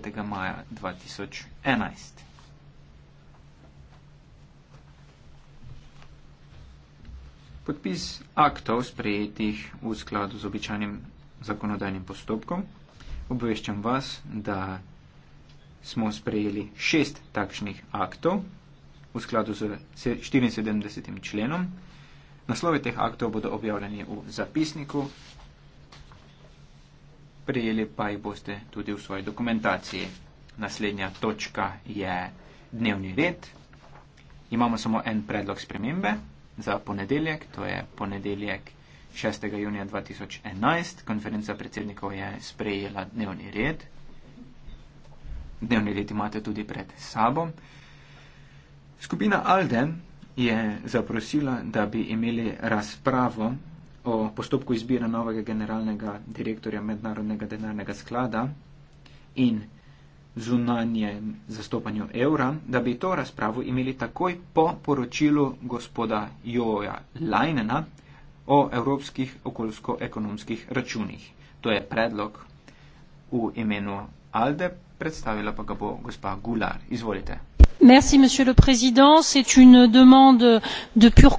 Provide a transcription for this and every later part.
10. maja 2011. Podpis aktov sprejetih v skladu z običajnim zakonodajnim postopkom. Obveščam vas, da smo sprejeli šest takšnih aktov v skladu z 74. členom. Naslove teh aktov bodo objavljeni v zapisniku prijeli pa jih boste tudi v svoji dokumentaciji. Naslednja točka je dnevni red. Imamo samo en predlog spremembe za ponedeljek, to je ponedeljek 6. junija 2011. Konferenca predsednikov je sprejela dnevni red. Dnevni red imate tudi pred sabo. Skupina Alden je zaprosila, da bi imeli razpravo o postopku izbira novega generalnega direktorja Mednarodnega denarnega sklada in zunanje zastopanju evra, da bi to razpravo imeli takoj po poročilu gospoda Joja Lajnena o evropskih okoljsko-ekonomskih računih. To je predlog v imenu Alde, predstavila pa ga bo gospa Gular. Izvolite. Merci, monsieur le président. C'est une demande de pure.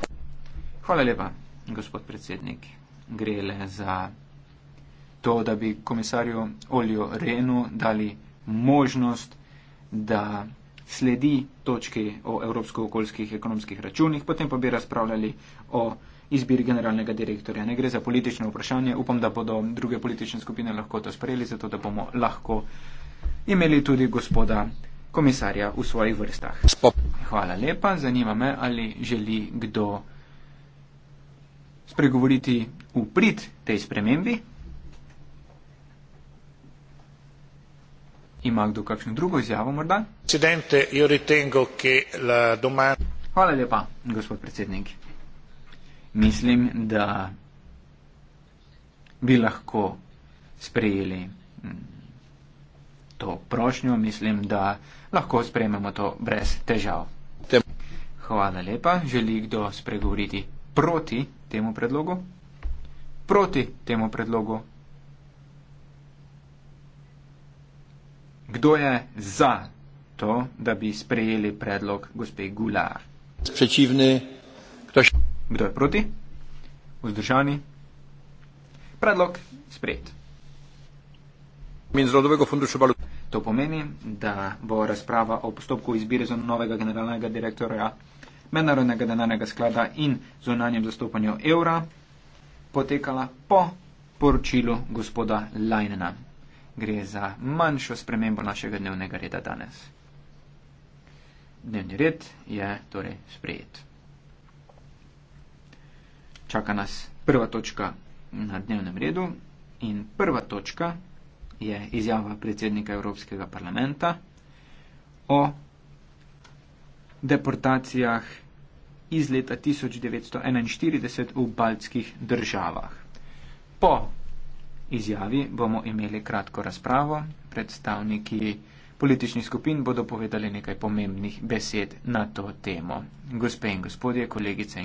Hvala lepa gospod predsednik, gre le za to, da bi komisarju Olju Renu dali možnost, da sledi točki o evropsko-okoljskih ekonomskih računih, potem pa bi razpravljali o izbiri generalnega direktorja. Ne gre za politično vprašanje, upam, da bodo druge politične skupine lahko to sprejeli, zato da bomo lahko imeli tudi gospoda komisarja v svojih vrstah. Hvala lepa, zanima me, ali želi kdo spregovoriti v prid tej spremembi. Ima kdo kakšno drugo izjavo morda? Hvala lepa, gospod predsednik. Mislim, da bi lahko sprejeli mm, to prošnjo. Mislim, da lahko sprejmemo to brez težav. Hvala lepa. Želi kdo spregovoriti proti temu predlogu, proti temu predlogu. Kdo je za to, da bi sprejeli predlog gospe Gular? Sprečivni. Še... Kdo je proti? Vzdržani. Predlog sprejet. To pomeni, da bo razprava o postopku izbire za novega generalnega direktorja mednarodnega denarnega sklada in zunanjem zastopanju evra potekala po poročilu gospoda Lajnena. Gre za manjšo spremembo našega dnevnega reda danes. Dnevni red je torej sprejet. Čaka nas prva točka na dnevnem redu in prva točka je izjava predsednika Evropskega parlamenta o deportacijah iz leta 1941 v baltskih državah. Po izjavi bomo imeli kratko razpravo, predstavniki političnih skupin bodo povedali nekaj pomembnih besed na to temo. Gospe in gospodje, kolegice in